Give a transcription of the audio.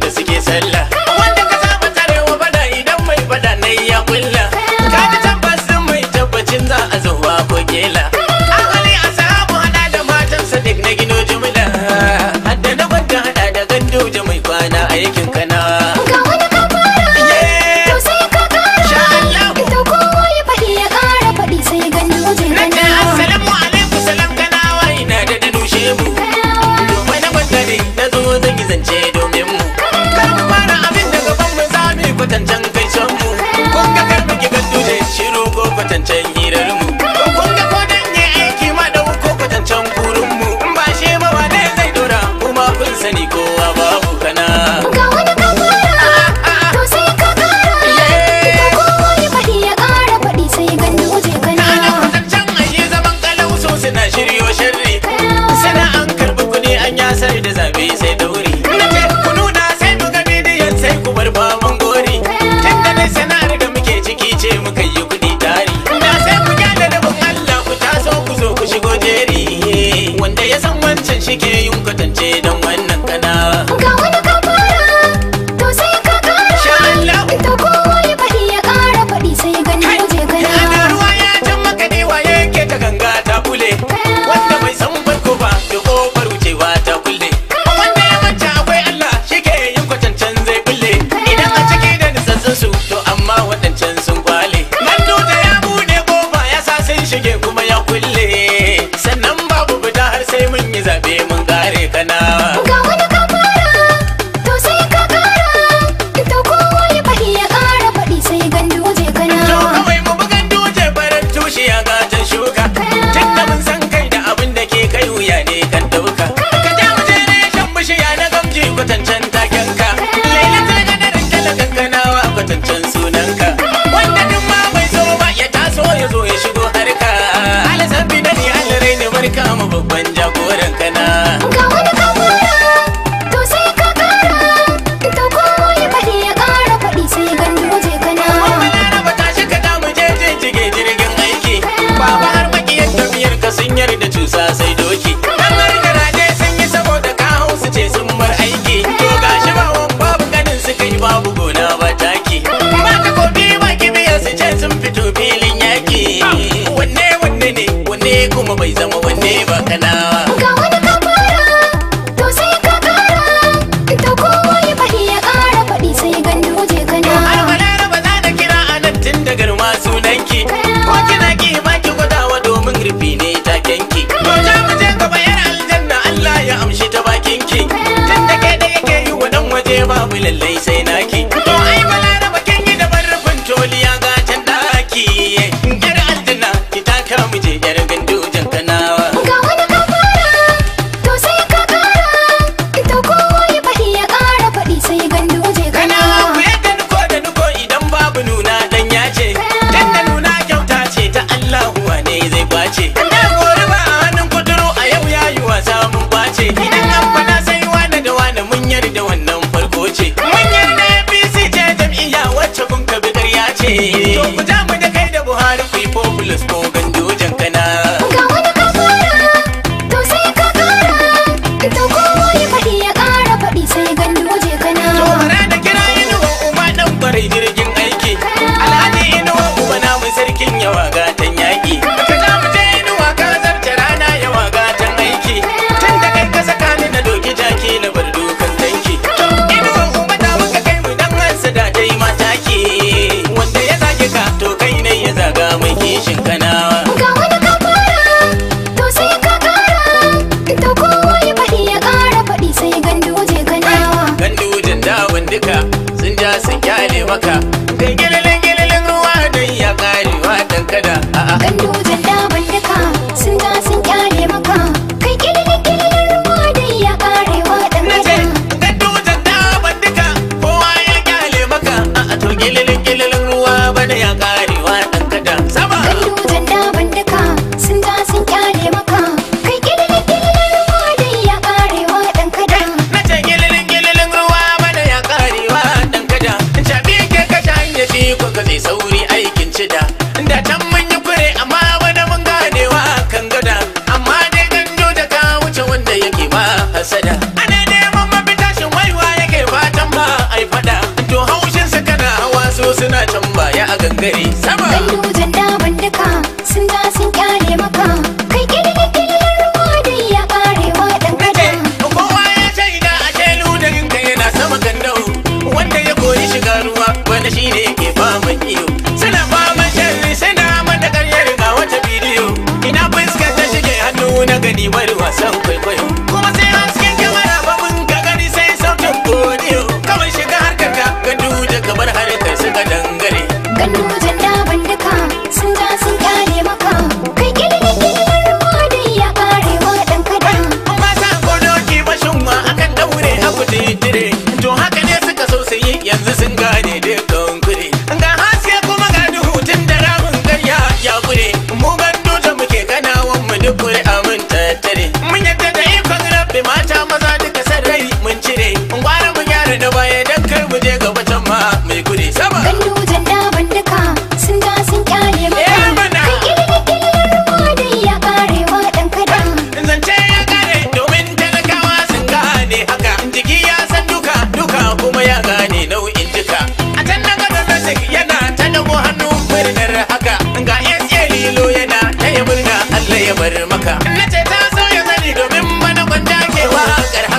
waɗanda suke lallai sai na kishin kanawa ga wani ka fara to sai ka kara to kowa ya faɗi ya ƙara faɗi sai ganduje kanawa gandujen dawan duka sun ja sun kyale maka da ¡Sí!